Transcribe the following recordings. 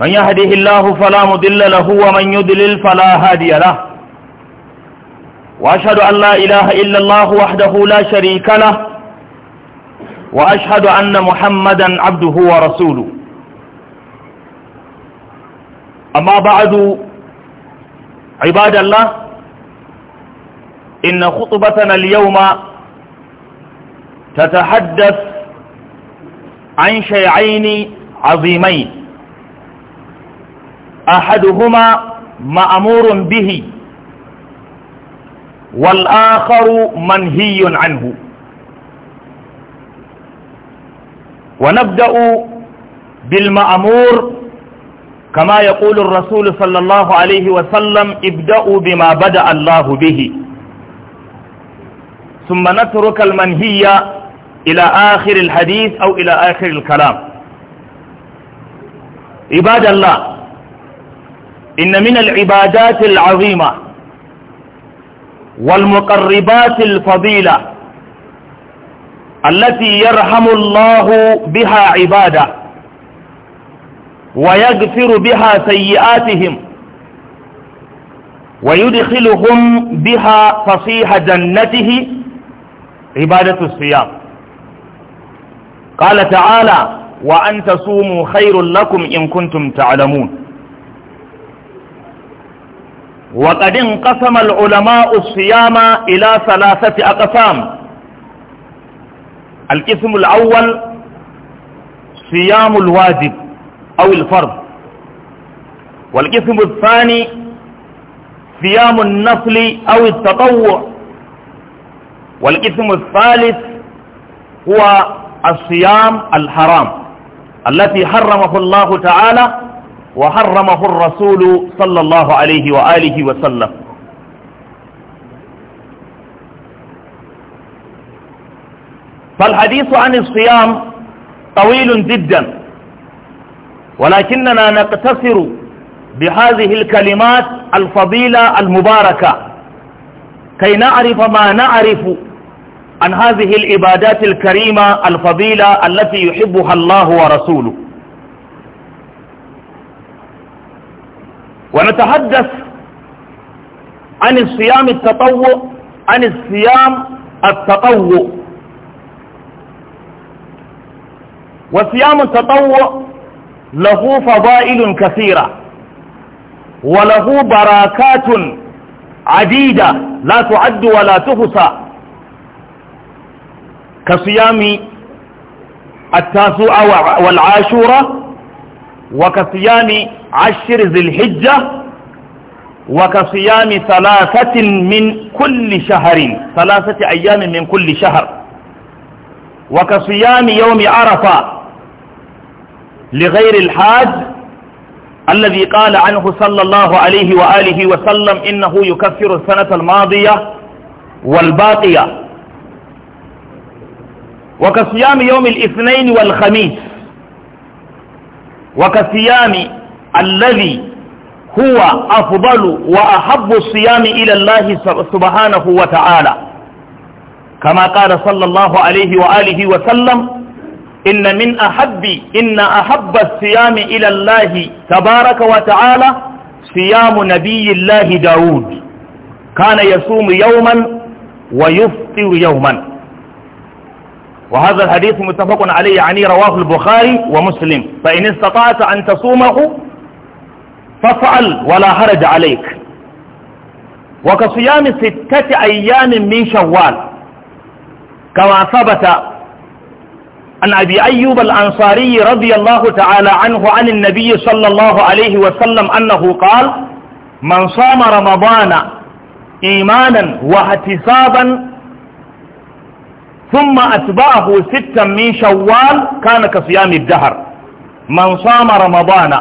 من يهده الله فلا مضل له ومن يضلل فلا هادي له وأشهد أن لا إله إلا الله وحده لا شريك له وأشهد أن محمدا عبده ورسوله أما بعد عباد الله إن خطبتنا اليوم تتحدث عن شيعين عظيمين أحدهما مأمور به والآخر منهي عنه ونبدأ بالمأمور كما يقول الرسول صلى الله عليه وسلم ابدأوا بما بدأ الله به ثم نترك المنهي إلى آخر الحديث أو إلى آخر الكلام عباد الله إن من العبادات العظيمة والمقربات الفضيلة التي يرحم الله بها عباده ويغفر بها سيئاتهم ويدخلهم بها فصيح جنته عبادة الصيام قال تعالى وأن تصوموا خير لكم إن كنتم تعلمون وقد انقسم العلماء الصيام إلى ثلاثة أقسام القسم الأول صيام الواجب أو الفرض والقسم الثاني صيام النفل أو التطوع والقسم الثالث هو الصيام الحرام التي حرمه الله تعالى وحرمه الرسول صلى الله عليه وآله وسلم فالحديث عن الصيام طويل جدا ولكننا نقتصر بهذه الكلمات الفضيلة المباركة كي نعرف ما نعرف عن هذه العبادات الكريمة الفضيلة التي يحبها الله ورسوله ونتحدث عن الصيام التطوع عن الصيام التطوع وصيام التطوع له فضائل كثيرة وله بركات عديدة لا تعد ولا تحصى كصيام التاسوع والعاشورة وكصيام عشر ذي الحجة وكصيام ثلاثة من كل شهر ثلاثة أيام من كل شهر وكصيام يوم عرفة لغير الحاج الذي قال عنه صلى الله عليه وآله وسلم إنه يكفر السنة الماضية والباقية وكصيام يوم الاثنين والخميس وكصيام الذي هو أفضل وأحب الصيام إلى الله سبحانه وتعالى كما قال صلى الله عليه وآله وسلم إن من أحب إن أحب الصيام إلى الله تبارك وتعالى صيام نبي الله داود كان يصوم يوما ويفطر يوما وهذا الحديث متفق عليه يعني رواه البخاري ومسلم فإن استطعت أن تصومه فافعل ولا حرج عليك وكصيام ستة أيام من شوال كما ثبت عن أبي أيوب الأنصاري رضي الله تعالى عنه عن النبي صلى الله عليه وسلم أنه قال من صام رمضان إيمانا واحتسابا ثم أتبعه ستا من شوال كان كصيام الدهر من صام رمضان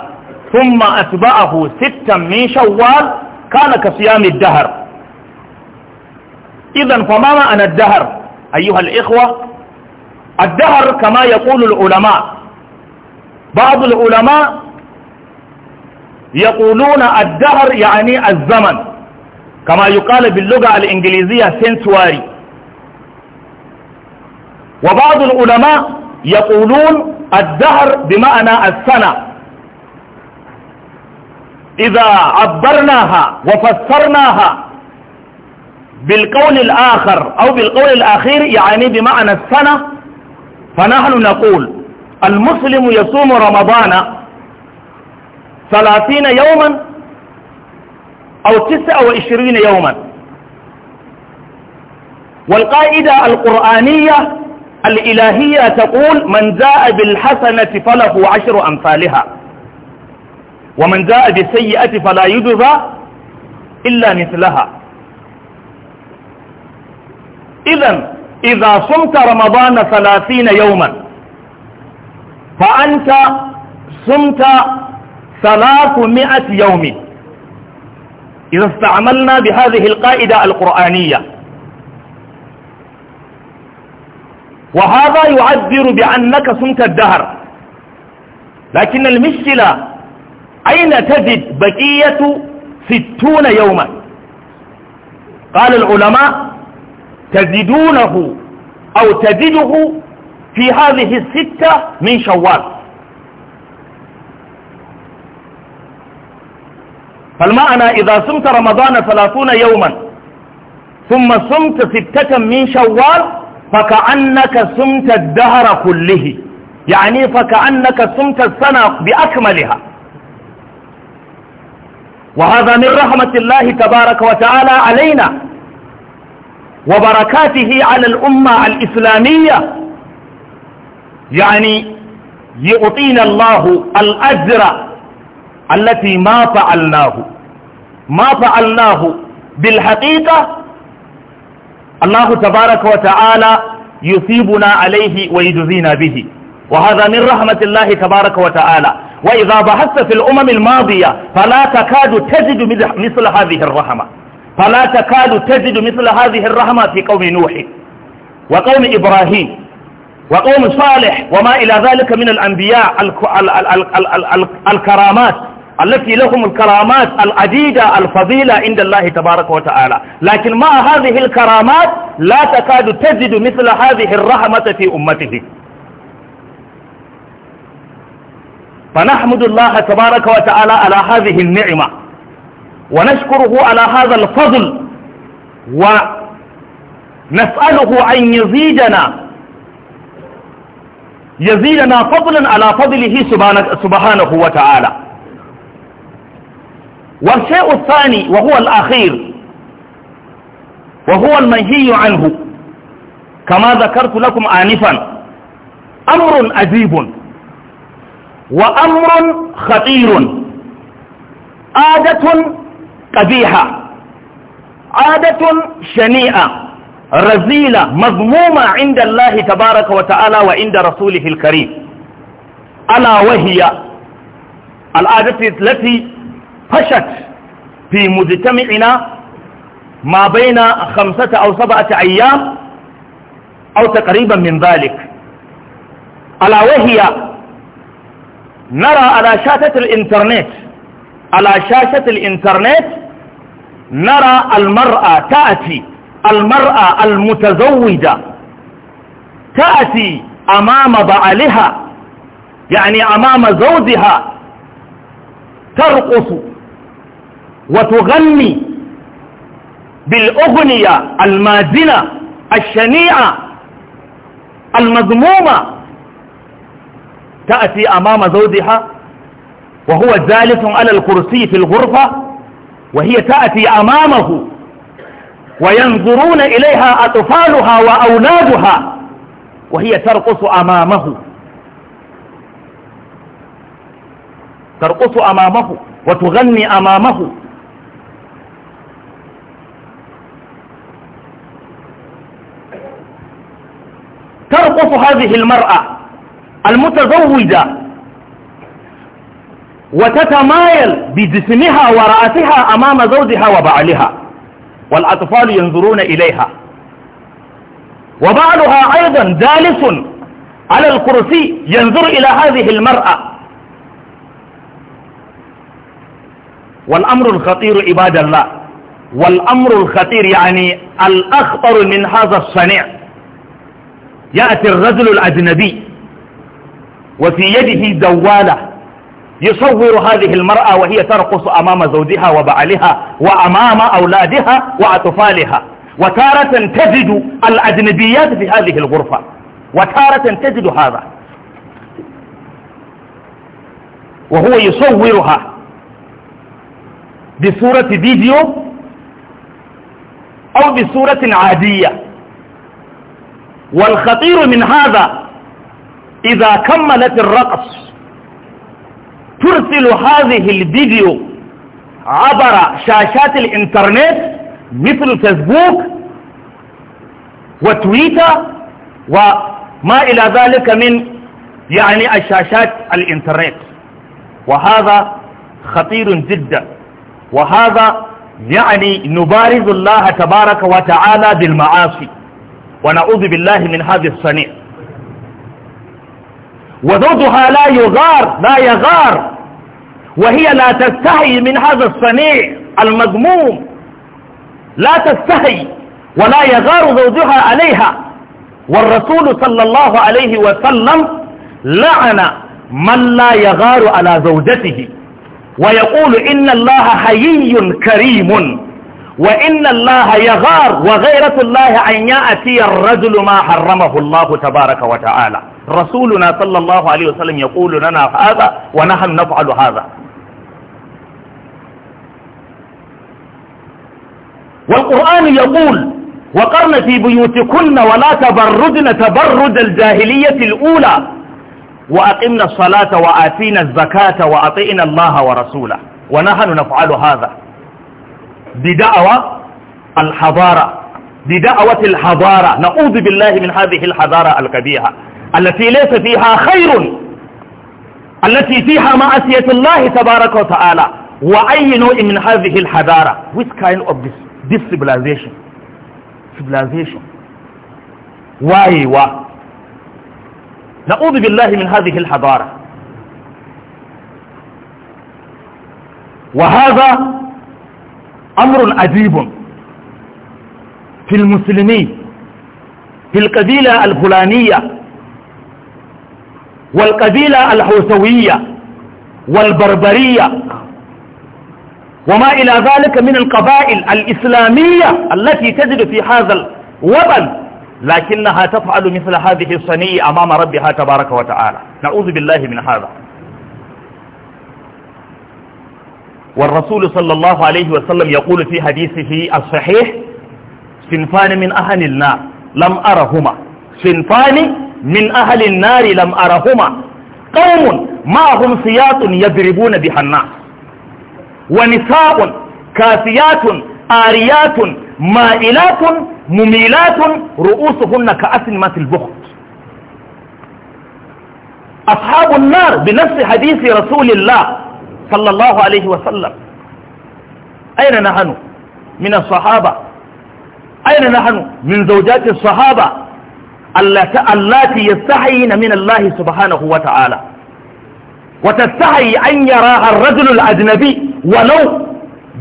ثم أتبعه ستا من شوال كان كصيام الدهر إذا فما معنى الدهر أيها الإخوة الدهر كما يقول العلماء بعض العلماء يقولون الدهر يعني الزمن كما يقال باللغة الإنجليزية سنتواري وبعض العلماء يقولون الدهر بمعنى السنة إذا عبرناها وفسرناها بالقول الآخر أو بالقول الأخير يعني بمعنى السنة فنحن نقول المسلم يصوم رمضان ثلاثين يوما أو تسعة وعشرين يوما والقائدة القرآنية الإلهية تقول من جاء بالحسنة فله عشر أمثالها ومن جاء بالسيئة فلا يجزى إلا مثلها إذا إذا صمت رمضان ثلاثين يوما فأنت صمت ثلاثمائة يوم إذا استعملنا بهذه القاعدة القرآنية وهذا يعبر بأنك صمت الدهر لكن المشكلة أين تجد بقية ستون يوما قال العلماء تجدونه أو تجده في هذه الستة من شوال فالمعنى إذا صمت رمضان ثلاثون يوما ثم صمت ستة من شوال فكأنك سمت الدهر كله يعني فكأنك سمت السنة بأكملها وهذا من رحمة الله تبارك وتعالى علينا وبركاته على الأمة الإسلامية يعني يعطينا الله الأجر التي ما فعلناه ما فعلناه بالحقيقة الله تبارك وتعالى يثيبنا عليه ويجزينا به وهذا من رحمة الله تبارك وتعالى وإذا بحثت في الأمم الماضية فلا تكاد تجد مثل هذه الرحمة فلا تكاد تجد مثل هذه الرحمة في قوم نوح وقوم إبراهيم وقوم صالح وما إلى ذلك من الأنبياء الكرامات التي لهم الكرامات العديدة الفضيلة عند الله تبارك وتعالى لكن مع هذه الكرامات لا تكاد تجد مثل هذه الرحمة في أمته فنحمد الله تبارك وتعالى على هذه النعمة ونشكره على هذا الفضل ونسأله أن يزيدنا يزيدنا فضلا على فضله سبحانه وتعالى والشيء الثاني وهو الأخير وهو المنهي عنه كما ذكرت لكم آنفا أمر عجيب وأمر خطير عادة قبيحة عادة شنيئة رزيلة مذمومة عند الله تبارك وتعالى وعند رسوله الكريم ألا وهي العادة التي فشت في مجتمعنا ما بين خمسة أو سبعة أيام أو تقريبا من ذلك ألا وهي نرى على شاشة الإنترنت على شاشة الإنترنت نرى المرأة تأتي المرأة المتزوجة تأتي أمام بعلها يعني أمام زوجها ترقص وتغني بالأغنية المازنة الشنيعة المذمومة تأتي أمام زوجها وهو جالس على الكرسي في الغرفة وهي تأتي أمامه وينظرون إليها أطفالها وأولادها وهي ترقص أمامه ترقص أمامه وتغني أمامه موقف هذه المرأة المتزوجة وتتمايل بجسمها ورأسها أمام زوجها وبعلها والأطفال ينظرون إليها وبعلها أيضا جالس على الكرسي ينظر إلى هذه المرأة والأمر الخطير عباد الله والأمر الخطير يعني الأخطر من هذا الصنيع يأتي الرجل الأجنبي وفي يده دوالة يصور هذه المرأة وهي ترقص أمام زوجها وبعلها وأمام أولادها وأطفالها وتارة تجد الأجنبيات في هذه الغرفة وتارة تجد هذا وهو يصورها بصورة فيديو أو بصورة عادية والخطير من هذا إذا كملت الرقص ترسل هذه الفيديو عبر شاشات الإنترنت مثل فيسبوك وتويتر وما إلى ذلك من يعني الشاشات الإنترنت وهذا خطير جدا وهذا يعني نبارز الله تبارك وتعالى بالمعاصي ونعوذ بالله من هذا الصنيع وزوجها لا يغار لا يغار وهي لا تستحي من هذا الصنيع المذموم لا تستحي ولا يغار زوجها عليها والرسول صلى الله عليه وسلم لعن من لا يغار على زوجته ويقول إن الله حيي كريم وإن الله يغار وغيرة الله أن يأتي الرجل ما حرمه الله تبارك وتعالى رسولنا صلى الله عليه وسلم يقول لنا هذا ونحن نفعل هذا والقرآن يقول وقرن في بيوتكن ولا تبرجن تبرج الجاهلية الأولى وأقمنا الصلاة وآتينا الزكاة وأطئنا الله ورسوله ونحن نفعل هذا بدعوة الحضارة بدعوة الحضارة نعوذ بالله من هذه الحضارة القبيحة التي ليس فيها خير التي فيها معصية الله تبارك وتعالى وأي نوع من هذه الحضارة which kind of this, this civilization civilization why why نعوذ بالله من هذه الحضارة وهذا أمر عجيب في المسلمين في القبيلة الفلانية والقبيلة الحوسوية والبربرية وما إلى ذلك من القبائل الإسلامية التي تجد في هذا الوطن لكنها تفعل مثل هذه الصنية أمام ربها تبارك وتعالى نعوذ بالله من هذا والرسول صلى الله عليه وسلم يقول في حديثه الصحيح صنفان من أهل النار لم أرهما صنفان من أهل النار لم أرهما قوم معهم سياط يضربون بها الناس ونساء كافيات آريات مائلات مميلات رؤوسهن كأسنمة البخت أصحاب النار بنفس حديث رسول الله صلى الله عليه وسلم أين نحن من الصحابة أين نحن من زوجات الصحابة اللاتي يستحيين من الله سبحانه وتعالى وتستحي أن يراها الرجل الأجنبي ولو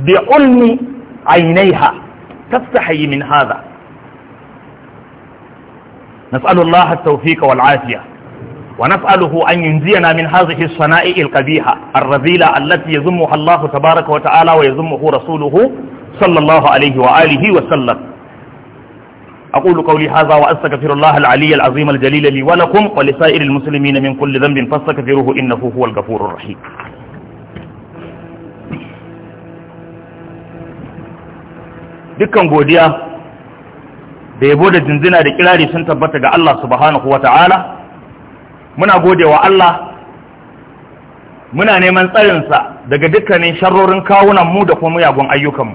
بعلم عينيها تستحي من هذا نسأل الله التوفيق والعافية ونسأله أن ينزينا من هذه الصنائع القبيحة الرذيلة التي يذمها الله تبارك وتعالى ويذمه رسوله صلى الله عليه وآله وسلم أقول قولي هذا وأستغفر الله العلي العظيم الجليل لي ولكم ولسائر المسلمين من كل ذنب فاستغفروه إنه هو الغفور الرحيم dukkan godiya da yabo da jinjina da kirari sun tabbata ga Allah subhanahu wa ta'ala muna gode wa Allah muna neman tsarinsa daga dukkanin sharrorin kawunanmu da kuma muyagun ayyukanmu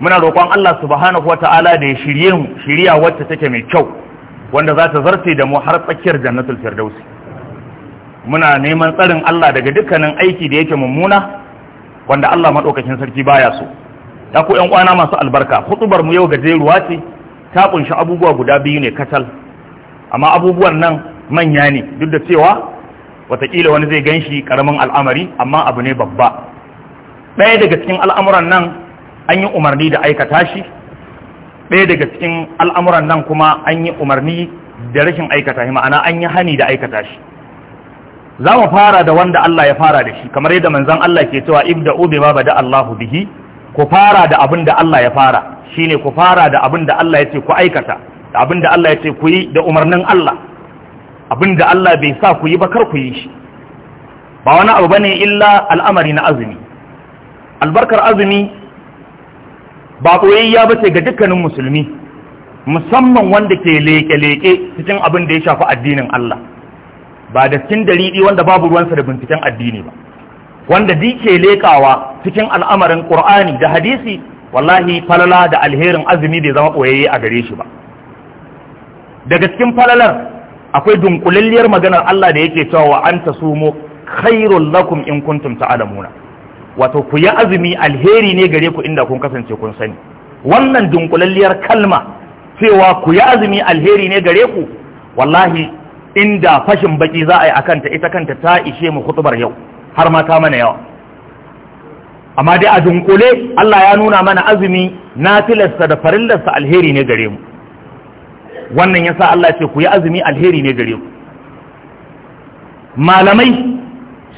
muna roƙon Allah subhanahu wata'ala da ya shirye mu shirya wacce take mai kyau wanda za ta zarce da mu har tsakiyar jannatul firdausi muna neman tsarin Allah daga dukkanin aiki da yake mummuna wanda Allah madaukakin sarki baya so ta ku ƴan kwana masu albarka hutubar mu yau gajeruwa ce ta kunshi abubuwa guda biyu ne katal amma abubuwan nan manya ne duk da cewa watakila wani zai ganshi karamin al'amari amma abu ne babba ɗaya daga cikin al'amuran nan an yi umarni da aikata shi ɗaya daga cikin al'amuran nan kuma an yi umarni da rashin aikata shi ma'ana an yi hani da aikata shi za mu fara da wanda Allah ya fara da shi kamar yadda manzan Allah ke cewa ibda ibda'u ba da Allahu bihi ku fara da abin da Allah ya fara shine ku fara da abin da Allah ya ce ku aikata da abin da Allah ya ce ku yi da umarnin Allah abin da Allah bai sa ku yi ba kar ku yi shi ba wani abu bane illa al'amari na azumi albarkar azumi ba koyayya ba ce ga dukkanin musulmi musamman wanda ke leke-leke cikin abin da ya shafi addinin Allah ba da cikin dalili wanda babu ruwansa da binciken addini ba wanda di ke lekawa cikin al'amarin Qur'ani da hadisi wallahi falala da alherin azumi bai zama ɓoyayye a gare shi ba daga cikin falalar akwai dunkulalliyar maganar Allah da yake cewa wa anta sumu khairul lakum in kuntum ta'lamuna wato ku yi azumi alheri ne gare ku inda kun kasance kun sani wannan dunkulalliyar kalma cewa ku yi azumi alheri ne gare ku wallahi inda fashin baki za a yi akan ta ita kanta ta ishe mu hutubar yau har ma ta mana yawa amma dai a dunkule Allah ya nuna mana azumi na tilasta da farillarsa alheri ne gare mu wannan ya sa Allah ce ku yi azumi alheri ne gare ku malamai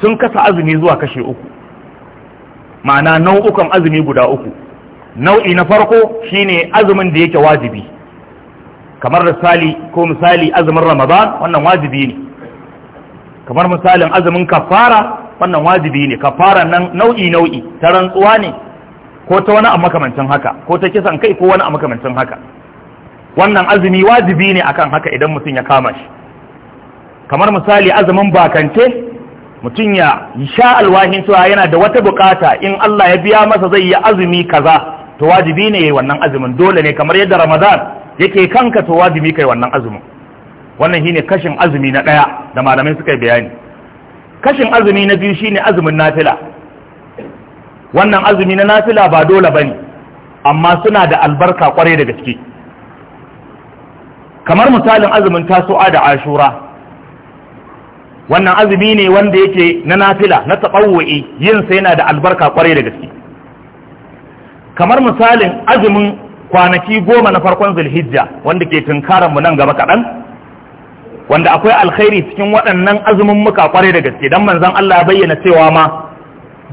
sun kasa azumi zuwa kashe uku ma'ana nau'ukan azumi guda uku nau'i na farko shine azumin da yake wajibi kamar misali ko misali azumin ramadan wannan wajibi ne kamar misalin azumin kafara wannan wajibi ne kafara nan nau'i nau'i ta rantsuwa ne ko ta wani a makamancin haka ko ta kisan kai ko wani a makamancin haka wannan azumi wajibi ne akan haka idan mutum ya kama shi kamar misali azumin bakance mutum ya sha alwahin cewa yana da wata bukata in Allah ya biya masa zai yi azumi kaza to wajibi ne yayi wannan azumin dole ne kamar yadda Ramadan yake kanka to wajibi kai wannan azumin wannan shine kashin azumi na daya da malamai suka bayani kashin azumi na biyu shine azumin nafila wannan azumi na nafila ba dole bane amma suna da albarka kwarai da gaske kamar misalin azumin tasu'a da ashura wannan azumi ne wanda yake na nafila na taɓawo'i yinsa yana da albarka kwarai da gaske kamar misalin azumin kwanaki goma na farkon zulhijja wanda ke mu nan gaba kaɗan wanda akwai alkhairi cikin waɗannan azumin muka kwarai da gaske don manzan Allah bayyana cewa ma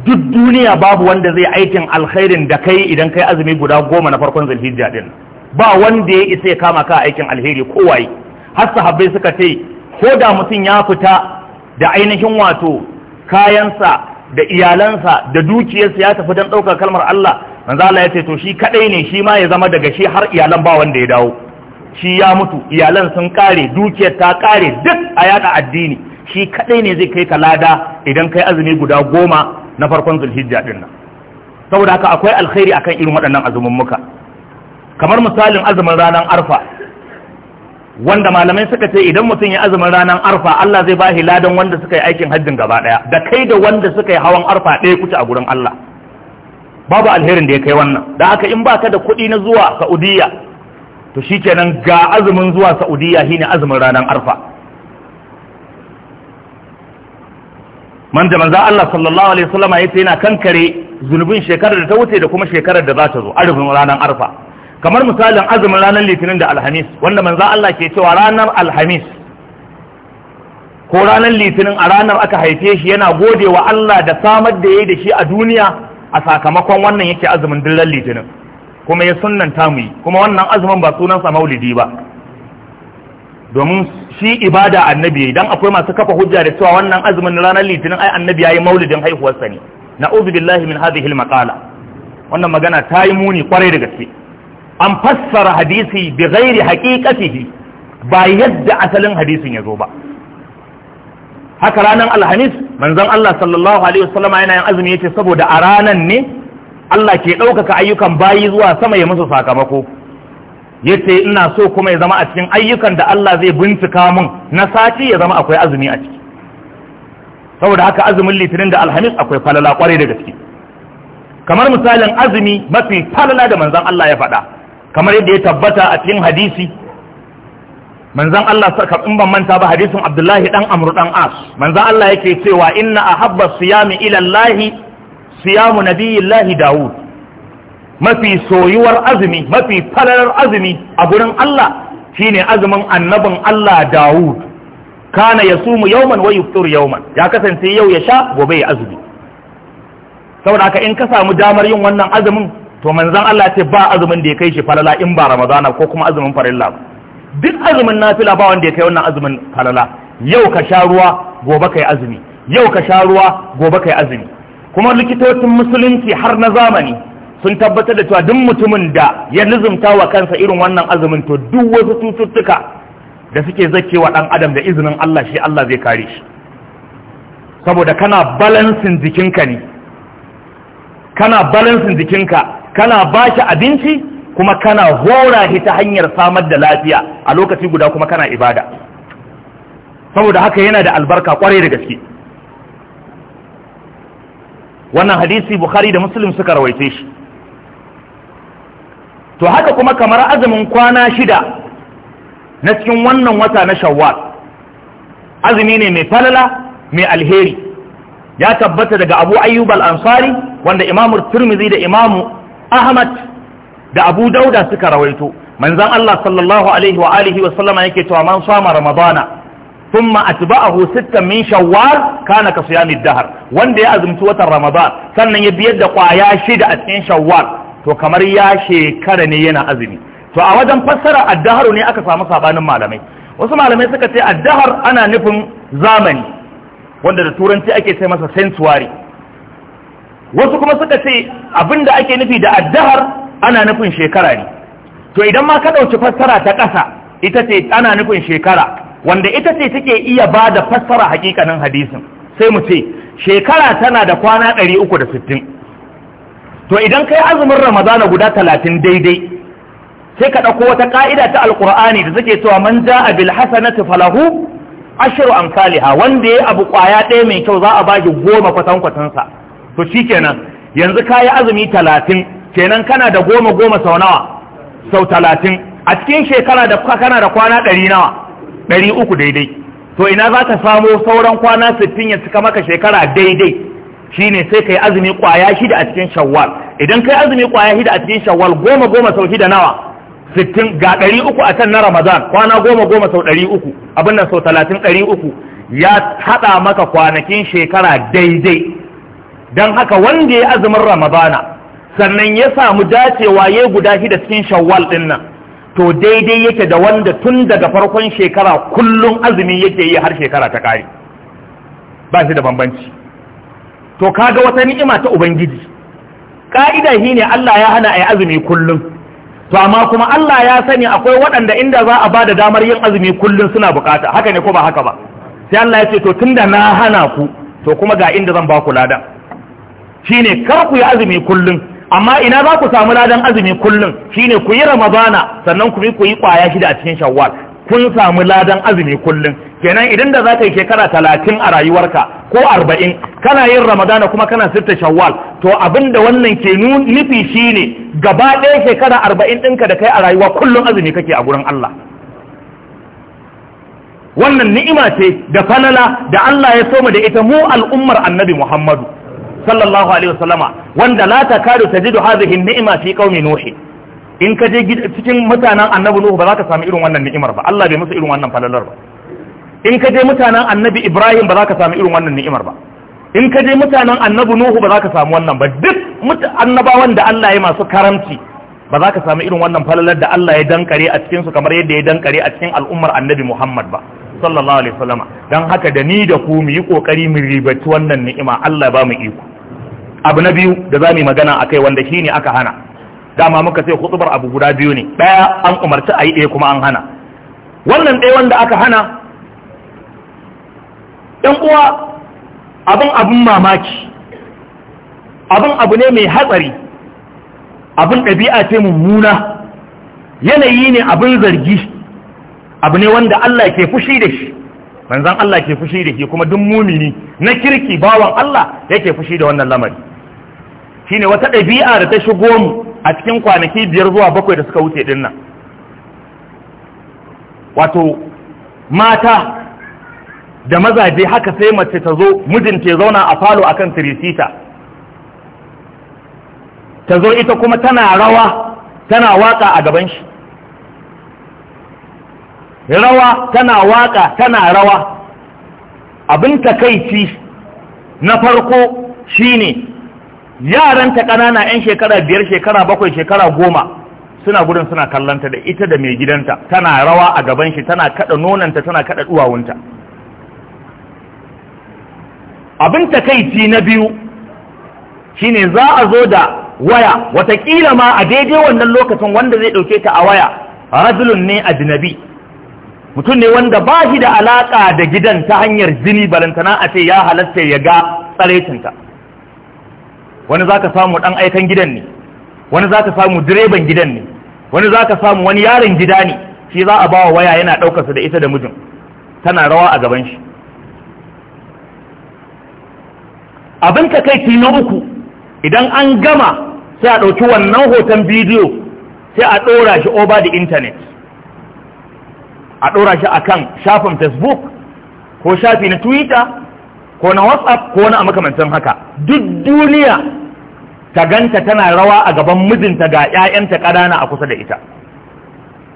duk duniya babu wanda zai aikin alkhairin da kai idan kai azumi guda goma na farkon zulhijja din ba wanda ya isa ya kama ka aikin alheri kowaye har sahabbai suka ce ko da mutum ya fita da ainihin wato kayansa da iyalansa da dukiyarsa ya tafi don ɗaukar kalmar Allah manzo Allah ya ce to shi kadai ne shi ma ya zama daga shi har iyalan ba wanda ya dawo shi ya mutu iyalan sun kare dukiyar ta kare duk a yada addini shi kadai ne zai kai ka lada idan kai azumi guda goma na farkon zulhijja din saboda haka akwai alkhairi akan irin waɗannan muka kamar misalin azumin ranar arfa wanda malamai suka ce idan mutum ya azumin ranar arfa Allah zai ba ladan wanda suka yi aikin hajjin gaba daya da kai da wanda suka yi hawan arfa ɗaya kuce a gurin Allah babu alherin da ya kai wannan da haka in baka da kuɗi na zuwa Saudiya to shikenan ga azumin zuwa Saudiya shine azumin ranar arfa man da manzo Allah sallallahu alaihi wasallam yace yana kankare zunubin shekarar da ta wuce da kuma shekarar da za ta zo arfin ranar arfa kamar misalin azumin ranar litinin da alhamis wanda manza Allah ke cewa ranar alhamis ko ranar litinin a ranar aka haife shi yana gode wa Allah da samar da ya da shi a duniya a sakamakon wannan yake azumin dillar litinin kuma ya sunanta tamu kuma wannan azumin ba sunansa maulidi ba domin shi ibada annabi idan akwai masu kafa hujja da cewa wannan azumin ranar litinin ai annabi yi maulidin haihuwarsa ne na'udhu billahi min hadhihi al-maqala wannan magana ta yi muni kwarai da gaske an fassara hadisi bi gairi haqiqatihi ba yadda asalin hadisin ya zo ba haka ranar alhamis manzon Allah sallallahu alaihi wasallam yana yin azumi yace saboda a ranan ne Allah ke ɗaukaka ayyukan bayi zuwa sama ya musu sakamako yace ina so kuma ya zama a cikin ayyukan da Allah zai bincika mun na sati ya zama akwai azumi a ciki saboda haka azumin litinin da alhamis akwai falala kwarai da gaske kamar misalin azumi mafi falala da manzon Allah ya faɗa kamar yadda ya tabbata a cikin hadisi manzan Allah in ban manta ba hadisin Abdullahi dan Amr dan As manzan Allah yake cewa inna ahabba siyami ila Allah siyamu nabiyillahi Dawud mafi soyuwar azumi mafi falalar azumi a gurin Allah shine azumin annabin Allah Dawud kana yasumu yawman wa yuftur yawman ya kasance yau ya sha gobe ya azumi saboda haka in ka samu damar yin wannan azumin to manzan Allah ce ba azumin da ya kai shi falala in ba ramadana ko kuma azumin farilla duk azumin nafila ba wanda ya kai wannan azumin falala yau ka sha ruwa gobe kai azumi yau ka sha ruwa gobe kai azumi kuma likitocin musulunci har na zamani sun tabbatar da cewa duk mutumin da ya lizumta wa kansa irin wannan azumin to duk wasu cututtuka da suke zakewa dan adam da izinin Allah shi Allah zai kare shi saboda kana balancing jikinka ne kana balansin jikinka kana ba shi abinci kuma kana hora shi ta hanyar samar da lafiya a lokaci guda kuma kana ibada saboda haka yana da albarka kwarai da gaske wannan hadisi bukhari da muslim suka rawaice shi to haka kuma kamar azumin kwana shida na cikin wannan wata na shawwal azumi ne mai falala mai alheri ya tabbata daga abu ayyub al-ansari wanda imamu turmizi da imamu ahmad da abu dauda suka rawaito manzan Allah sallallahu alaihi wa alihi wa sallama yake cewa man sama ramadana thumma atba'ahu sittan min shawwal kana ka siyamid dahr wanda ya azumci watan ramadan sannan ya biyar da kwaya shida a cikin shawwal to kamar ya shekara ne yana azumi to a wajen fassara dahar ne aka samu sabanin malamai wasu malamai suka ce dahar ana nufin zamani wanda da turanci ake ce masa sensuary wasu kuma suka ce abinda ake nufi da addahar ana nufin shekara ne to idan ma ka ɗauki fassara ta ƙasa ita ce ana nufin shekara wanda ita ce take iya ba da fassara hakikanin hadisin sai mu ce shekara tana da kwana ɗari uku da sittin. to idan kai azumin ramadana guda talatin daidai sai ka ɗauko wata ƙa'ida ta alƙur'ani da take cewa man ja a bil hasanatu falahu ashiru amsaliha wanda ya abu kwaya ɗaya mai kyau za a ba shi goma kwatankwatansa to shi kenan yanzu ka yi azumi talatin kenan kana da goma goma sau nawa sau talatin a cikin shekara da kana da kwana ɗari nawa ɗari uku daidai to ina za ka samo sauran kwana sittin ya cika maka shekara daidai shine sai ka yi azumi kwaya shida a cikin shawwal idan ka yi azumi kwaya shida a cikin shawwal goma goma sau shida nawa sittin ga ɗari uku a can na ramadan kwana goma goma sau ɗari uku abin nan sau talatin ɗari uku ya haɗa maka kwanakin shekara daidai don haka wanda ya azumin ramadana sannan ya samu dacewa ya guda shi da cikin shawwal ɗin nan to daidai yake da wanda tun daga farkon shekara kullum azumi yake yi har shekara ta kare ba shi da bambanci to kaga wata ni'ima ta ubangiji ka'ida shi ne Allah ya hana a yi azumi kullum to amma kuma Allah ya sani akwai waɗanda inda za a ba da damar yin azumi kullum suna bukata haka ne ko ba haka ba sai Allah ya ce to tunda na hana ku to kuma ga inda zan ba ku lada shine kar ku yi azumi kullum amma ina za ku samu ladan azumi kullum shine ku yi ramadana sannan ku ku yi kwaya shida a cikin shawwal kun samu ladan azumi kullum kenan idan da za ka yi shekara talatin a rayuwarka ko arba'in kana yin ramadana kuma kana sirta shawwal to abin da wannan ke nufi shine gaba ɗaya shekara arba'in ɗinka da kai a rayuwa kullum azumi kake a gurin Allah wannan ni'ima ce da falala da Allah ya so mu da ita mu al'ummar annabi Muhammadu sallallahu alaihi wasallama wanda la takadu tajidu hadhihi ni'ma fi qaumi nuh in ka je cikin mutanen annabi nuhu ba za ka sami irin wannan ni'imar ba Allah bai musu irin wannan falalar ba in ka je mutanen annabi ibrahim ba za ka sami irin wannan ni'imar ba in ka je mutanen annabi nuhu ba za ka sami wannan ba duk annabawan da Allah ya masu karamci ba za ka sami irin wannan falalar da Allah ya dankare a cikinsu kamar yadda ya dankare a cikin al'ummar annabi Muhammad ba sallallahu alaihi wasallama don haka da ni da ku mu yi kokari mu ribaci wannan ni'ima Allah ba mu iko abu na biyu da za mu yi magana akai wanda shi ne aka hana dama muka sai hutubar abu guda biyu ne daya an umarci a yi ɗaya kuma an hana wannan ɗaya wanda aka hana ɗan uwa abin abin mamaki abin abu ne mai hatsari abin ɗabi'a ce mummuna yanayi ne abin zargi abu ne wanda Allah ke fushi da shi manzan Allah ke fushi da shi kuma duk mumini na kirki bawan Allah yake fushi da wannan lamari shine wata ɗabi'a da ta shigo mu a cikin kwanaki biyar zuwa bakwai da suka wuce dinnan wato mata da mazaje haka sai mace ta zo mijinta ya zauna a falo akan tirisita ta zo ita kuma tana rawa tana waka a gaban shi rawa tana waka tana rawa abin takaici na farko shine yaranta ƙanana 'yan shekara biyar shekara bakwai shekara goma suna gudun suna kallanta da ita da mai gidanta tana rawa a gaban shi tana kada nonanta tana kada duwawunta abin takaici na biyu shine za a zo da waya watakila ma a daidai wannan lokacin wanda zai dauke ta a waya rajulun ne ajnabi mutum ne wanda ba shi da alaka da gidan ta hanyar jini balantana a ce ya halatta ya ga tsaraitinta wani za ka samu ɗan aikan gidan ne wani za ka samu direban gidan ne wani za ka samu wani yaron gida ne shi za a bawa waya yana ɗaukarsa da ita da mijin tana rawa a gaban shi abin ka kai na uku idan an gama sai a ɗauki wannan hoton bidiyo sai a ɗora shi over the internet a ɗora shi a kan shafin facebook ko shafi na twitter ko na whatsapp ko na makamancin haka duk duniya ta ganta tana rawa a gaban mijinta ga 'ya'yanta ƙanana a kusa da ita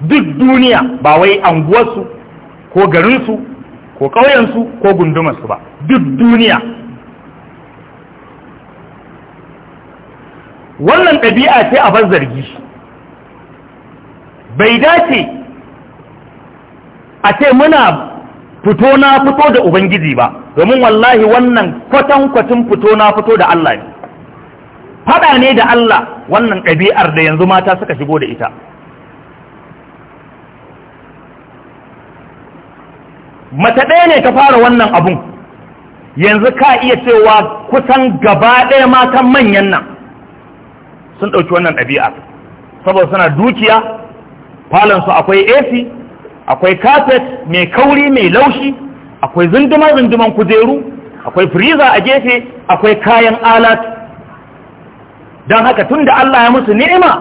duk duniya ba wai anguwarsu ko garinsu ko ƙauyensu ko gundumarsu ba duk duniya wannan ɗabi'a ce a bar zargi bai dace a ce muna fito na fito da ubangiji ba domin wallahi wannan kwatan kwatin fito na fito da Allah ne fada ne da Allah wannan ɗabi'ar da yanzu mata suka shigo da ita mata ɗaya ne ta fara wannan abun yanzu ka iya cewa kusan gaba ɗaya matan manyan nan sun ɗauki wannan ɗabi'ar saboda suna dukiya falonsu akwai AC akwai carpet mai kauri mai laushi akwai zunduman-zunduman kujeru akwai freezer a gefe akwai kayan alat don haka tun da Allah ya musu ni'ima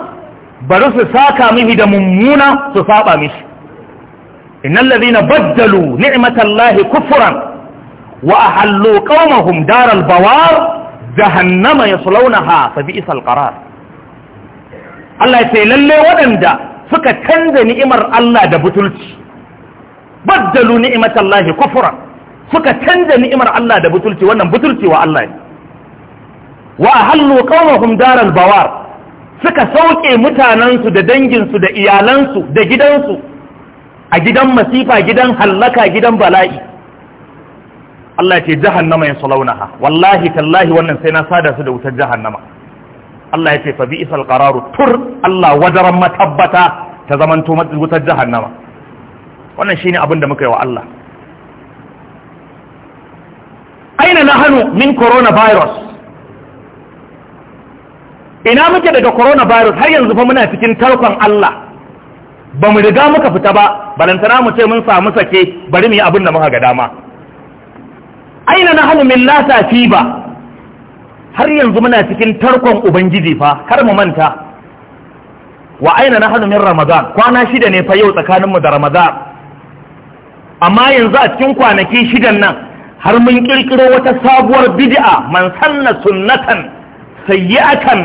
bari su saka mihi da mummuna su saba mishi innal na baddalu ni'matallahi kufran wa ahallu humdaral daral bawar jahannama yaslawnaha fa bi'sal qarar Allah ya ce lalle waɗanda suka canza ni'imar Allah da butulci baddalu ni'imatallahi kufura, suka canza ni'imar Allah da butulci wannan butulci wa Allah ne wa ahallu qawmahum daral bawar suka sauke mutanansu da danginsu da iyalansu da gidansu a gidan masifa gidan hallaka gidan bala'i Allah ya ce jahannama ya salaunaha wallahi tallahi wannan sai na sada su da wutar jahannama Allah ya ce fa bi isal qararu tur Allah wajaran matabbata ta zamanto wutar jahannama wannan shine abin da muka yi wa Allah aina nahanu min coronavirus ina muke daga coronavirus har yanzu fa muna cikin tarkon Allah ba mu riga muka fita ba balantana mu ce mun samu sake bari mu yi abin da muka ga dama aina na hannu min lata fi ba har yanzu muna cikin tarkon ubangiji fa kar mu manta wa aina nahnu min ramadan kwana shida ne fa yau tsakanin mu da ramadan amma yanzu a cikin kwanaki shidan nan har mun kirkiro wata sabuwar bid'a man sanna sunnatan sayyi'atan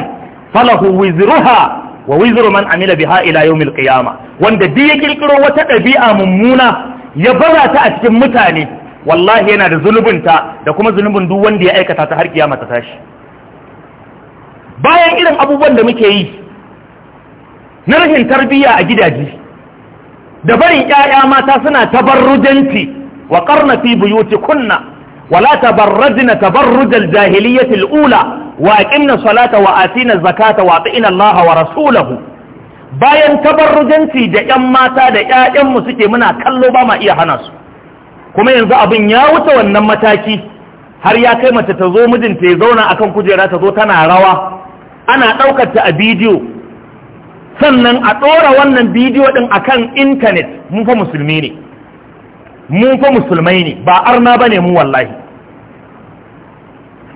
falahu wizruha wa wizru man amila biha ila yawmil qiyamah wanda duk ya kirkiro wata dabi'a mummuna ya bazata a cikin mutane wallahi yana da zunubinta da kuma zunubin duk wanda ya aikata ta har kiyama ta tashi bayan irin abubuwan da muke yi na rashin tarbiyya a gidaje da barin 'ya'ya mata suna tabarrujanci wa karna fi buyuti kunna wala tabarrajna tabarrujal jahiliyatil ula wa aqimna salata wa atina zakata wa atina Allah wa rasulahu bayan tabarrujanci da 'yan mata da mu suke muna kallo ba ma iya hana su kuma yanzu abin ya wuce wannan mataki har ya kai mace ta zo mijinta ya zauna akan kujera ta zo tana rawa ana ɗaukar ta a bidiyo sannan a ɗora wannan bidiyo din akan intanet mun fa musulmi ne mun fa musulmai ne ba arna ba ne mu wallahi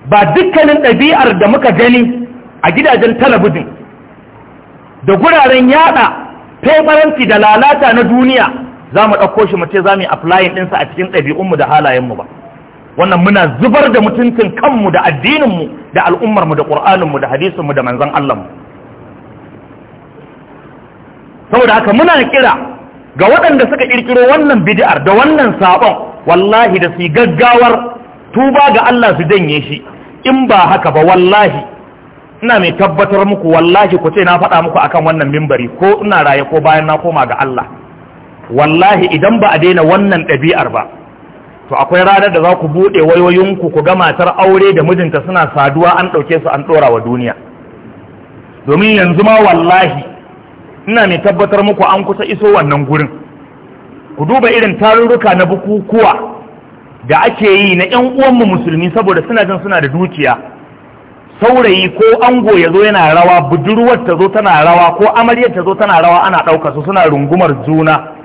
ba dukkanin ɗabi'ar da muka gani a gidajen talabijin da guraren yada faifaranci da lalata na duniya za mu ɗauko shi mu ce za mu yi applying ɗinsa a cikin ɗabi'unmu da halayenmu ba wannan muna zubar da mutuncin kanmu da addininmu da al'ummarmu da ƙur'aninmu da hadisinmu da manzan Allahnmu saboda haka muna kira ga waɗanda suka ƙirƙiro wannan bidi'ar da wannan saɓon wallahi da su gaggawar tuba ga Allah su janye shi in ba haka ba wallahi ina mai tabbatar muku wallahi ku ce na faɗa muku akan wannan mimbari ko ina raye ko bayan na koma ga Allah wallahi idan ba a daina wannan ɗabi'ar ba to akwai ranar da za ku buɗe wayoyinku ku ga matar aure da mijinta suna saduwa an ɗauke su an ɗora wa duniya domin yanzu ma wallahi ina mai tabbatar muku an kusa iso wannan gurin ku duba irin tarurruka na bukukuwa da ake yi na 'yan uwanmu musulmi saboda suna jin suna da dukiya saurayi ko ango ya zo yana rawa budurwar ta zo tana rawa ko amaryar ta zo tana rawa ana ɗauka su suna rungumar juna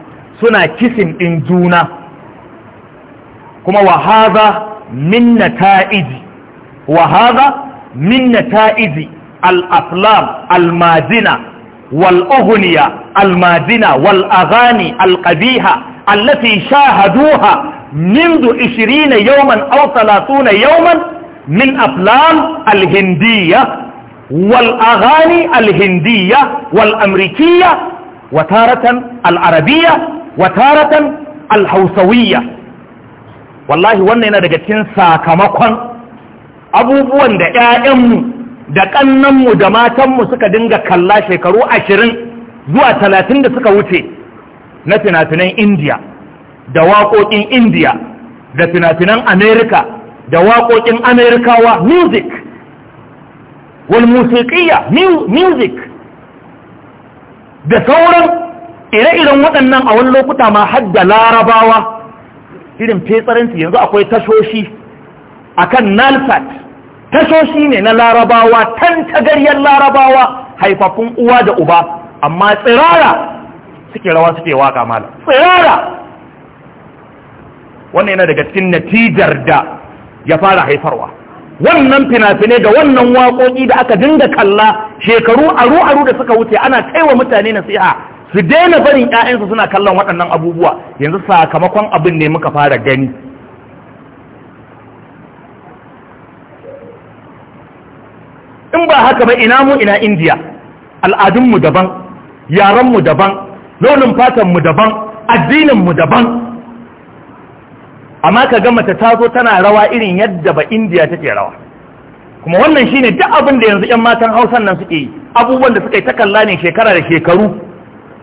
suna kisin ɗin juna kuma wahaza min nata'iji wahaza min nata'iji al-aflam al-mazina wal-ughniya al-mazina wal-aghani al-qabiha allati shahaduha منذ 20 يوما أو 30 يوما من أفلام الهندية والأغاني الهندية والأمريكية وتارة العربية wa taratan alhausawiyya wallahi wannan yana daga cikin sakamakon abubuwan da 'ya'yanmu da ƙannanmu da matanmu suka dinga kalla shekaru ashirin zuwa talatin da suka wuce na finafinan india indiya da waƙoƙin indiya da finafinan america amerika da waƙoƙin amerikawa music wal musiƙiyya music da sauran ire-iren waɗannan a wani lokuta ma hadda larabawa irin fetsarinsu yanzu akwai tashoshi a kan nalfat tashoshi ne na larabawa tan tantagaryar larabawa haifafin uwa da uba amma tsirara suke rawa suke waka mala tsirara wannan yana daga cikin natijar da ya fara haifarwa wannan fina-finai da wannan waƙoƙi da aka dinga kalla shekaru aru-aru da suka wuce ana wa mutane nasiha su daina barin ƴaƴansu suna kallon waɗannan abubuwa yanzu sakamakon abin ne muka fara gani in ba haka ba ina mu ina indiya al'adunmu daban yaranmu daban launin fatanmu daban addininmu daban amma ka ga mace ta zo tana rawa irin yadda ba indiya take rawa kuma wannan shine duk abin da yanzu 'yan matan hausan nan suke yi abubuwan da suka yi ta kalla ne shekara da shekaru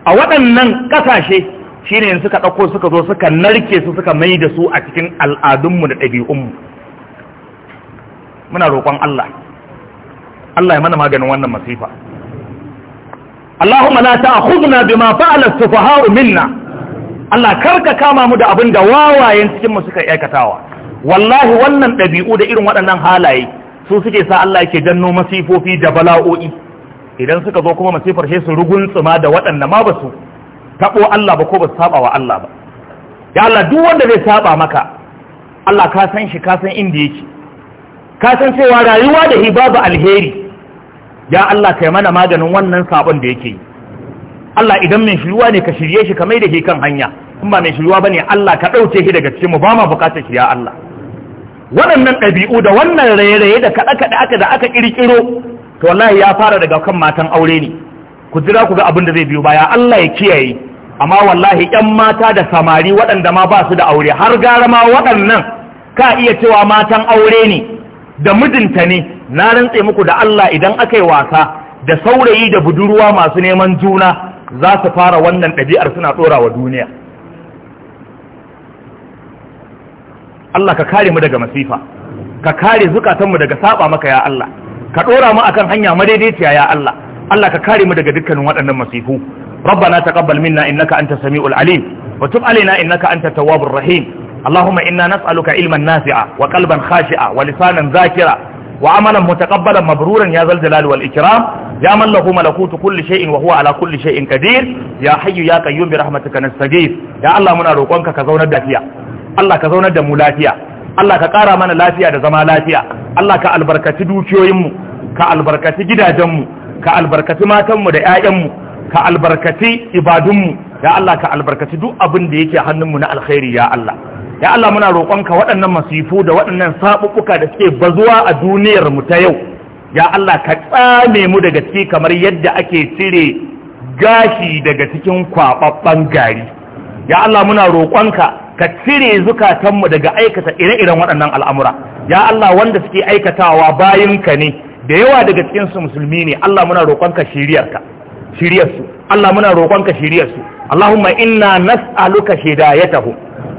a waɗannan ƙasashe shi ne suka ɗauko suka zo suka narke su suka mai da su a cikin al'adunmu da ɗabi'unmu muna roƙon Allah Allah ya mana maganin wannan masifa Allahumma la ta'khudna bima fa'ala as-sufaha'u minna Allah karka kama mu da abin da wawayen cikin mu suka aikatawa wallahi wannan ɗabi'u da irin waɗannan halaye su suke sa Allah yake janno masifofi da bala'o'i idan suka zo kuma masifar he su rugun tsuma da waɗanda ma ba su taɓo Allah ba ko ba su saba wa Allah ba ya Allah duk wanda zai saba maka Allah ka san shi ka san inda yake ka san cewa rayuwa da hibabu babu alheri ya Allah kai mana maganin wannan sabon da yake yi Allah idan mai shiruwa ne ka shirye shi ka mai da shi kan hanya in ba mai shiruwa bane Allah ka ɗauke shi daga cikin mu ba ma bukatar shi ya Allah waɗannan ɗabi'u da wannan raye-raye da kaɗe-kaɗe aka da aka ƙirƙiro to wallahi ya fara daga kan matan aure ne ku jira ku ga abin da zai biyo baya Allah ya kiyaye amma wallahi ƴan mata da samari waɗanda ma ba su da aure har gara ma waɗannan ka iya cewa matan aure ne da mijinta ne na rantse muku da Allah idan aka yi wasa da saurayi da budurwa masu neman juna za su fara wannan ɗabi'ar suna ɗora wa duniya Allah ka kare mu daga masifa ka kare zukatanmu daga saba maka ya Allah ka dora mu akan hanya madaidaiciya ya Allah Allah ka kare mu daga dukkanin waɗannan masifu ربنا تقبل منا إنك أنت السميع العليم وتب علينا إنك أنت التواب الرحيم اللهم إنا نسألك علما نافعا وقلبا خاشعا ولسانا ذاكرا وعملا متقبلا مبرورا يا ذا الجلال والإكرام يا من له ملكوت كل شيء وهو على كل شيء قدير يا حي يا قيوم برحمتك نستجيب يا الله منا روقونك كزونا دافيا الله كزونا دمو لافيا الله كقارا من لافيا دزما لافيا الله كالبركة دوكيو يمو ka albarkaci gidajenmu ka albarkaci matanmu da 'ya'yanmu ka albarkaci ibadunmu ya Allah ka albarkaci duk abin da yake hannunmu na alkhairi ya Allah ya Allah muna roƙonka waɗannan masifu da waɗannan saɓuɓɓuka da suke bazuwa a duniyar mu ta yau ya Allah ka tsame mu daga ciki kamar yadda ake cire gashi daga cikin kwababban gari ya Allah muna roƙonka ka cire zukatanmu daga aikata ire-iren waɗannan al'amura ya Allah wanda suke aikatawa bayinka ne da yawa daga cikin su musulmi ne Allah muna ka shiriyarka su. Allah muna ka roƙonka shiriyarsu Allahumma inna nas'aluka hidayatahum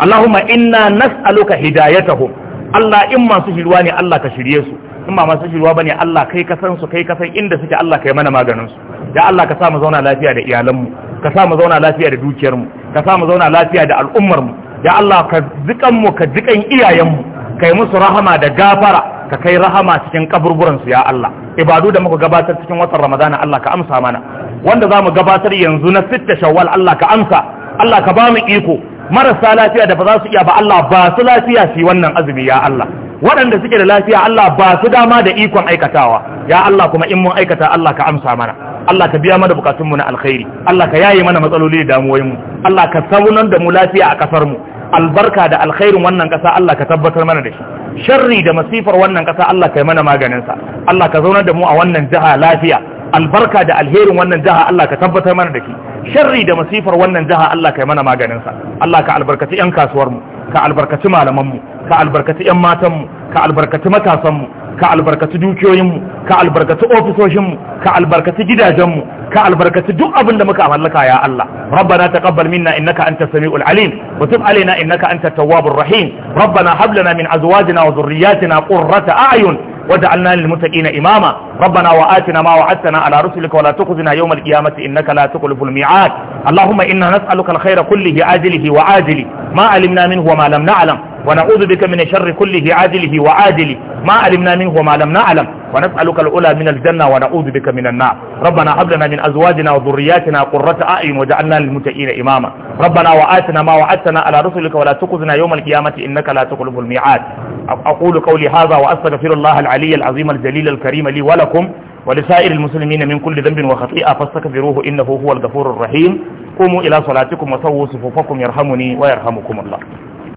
Allahumma inna nas'aluka hidayatahum Allah in masu shiruwa ne Allah ka shirye su in ma masu shirwa bane Allah kai ka san su kai ka san inda suke Allah kai mana maganin su da Allah ka sa mu zauna lafiya da iyalanmu ka sa mu zauna lafiya da dukiyarmu ka sa mu zauna lafiya da al'ummarmu Ya Allah ka zikan mu ka zikan iyayenmu kai musu rahama da gafara ka kai rahama cikin kaburburansu ya Allah ibadu da muka gabatar cikin watan ramadana Allah ka amsa mana wanda za mu gabatar yanzu na sitta shawwal Allah ka amsa Allah ka ba mu iko marasa lafiya da ba za su iya ba Allah ba su lafiya su wannan azumi ya Allah waɗanda suke da lafiya Allah ba su dama da ikon aikatawa ya Allah kuma in mun aikata Allah ka amsa mana Allah ka biya mana bukatunmu na alkhairi Allah ka yaye mana matsaloli da damuwoyinmu Allah ka saunan da mu lafiya a ƙasarmu albarka da alkhairin wannan ƙasa Allah ka tabbatar mana da shi sharri da masifar wannan kasa Allah kai mana maganinsa Allah ka zaunar da mu a wannan jiha lafiya albarka da alherin wannan jiha Allah ka tabbatar mana da ki sharri da masifar wannan jiha Allah kai mana maganinsa Allah ka albarkaci yan kasuwar mu ka albarkaci malamanmu, mu ka albarkaci yan matan mu ka albarkaci matasan mu ka albarkaci dukiyoyin mu ka albarkaci ofisoshin mu ka albarkaci gidajen mu ka albarkaci duk abin da muka mallaka ya Allah rabbana taqabbal minna innaka antas samiul alim wa tub alaina innaka antat tawwabur rahim rabbana hab lana min azwajina wa dhurriyyatina qurrata a'yun وجعلنا للمتقين إماما ربنا وآتنا ما وعدتنا على رسلك ولا تخزنا يوم القيامة إنك لا تخلف الميعاد اللهم إنا نسألك الخير كله عاجله وعاجله ما علمنا منه وما لم نعلم ونعوذ بك من شر كله عادله وعادله ما علمنا منه وما لم نعلم ونسألك الأولى من الجنة ونعوذ بك من النار ربنا هب لنا من أزواجنا وذرياتنا قرة أعين وجعلنا للمتقين إماما ربنا وآتنا ما وعدتنا على رسلك ولا تخزنا يوم القيامة إنك لا تخلف الميعاد أقول قولي هذا وأستغفر الله العلي العظيم الجليل الكريم لي ولكم ولسائر المسلمين من كل ذنب وخطيئة فاستغفروه إنه هو الغفور الرحيم قوموا إلى صلاتكم وسووا صفوفكم يرحمني ويرحمكم الله